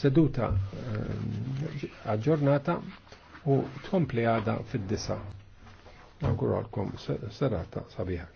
seduta eh, aġġornata u tkompli għada fid-disa. Naguralkom serata sabiħa.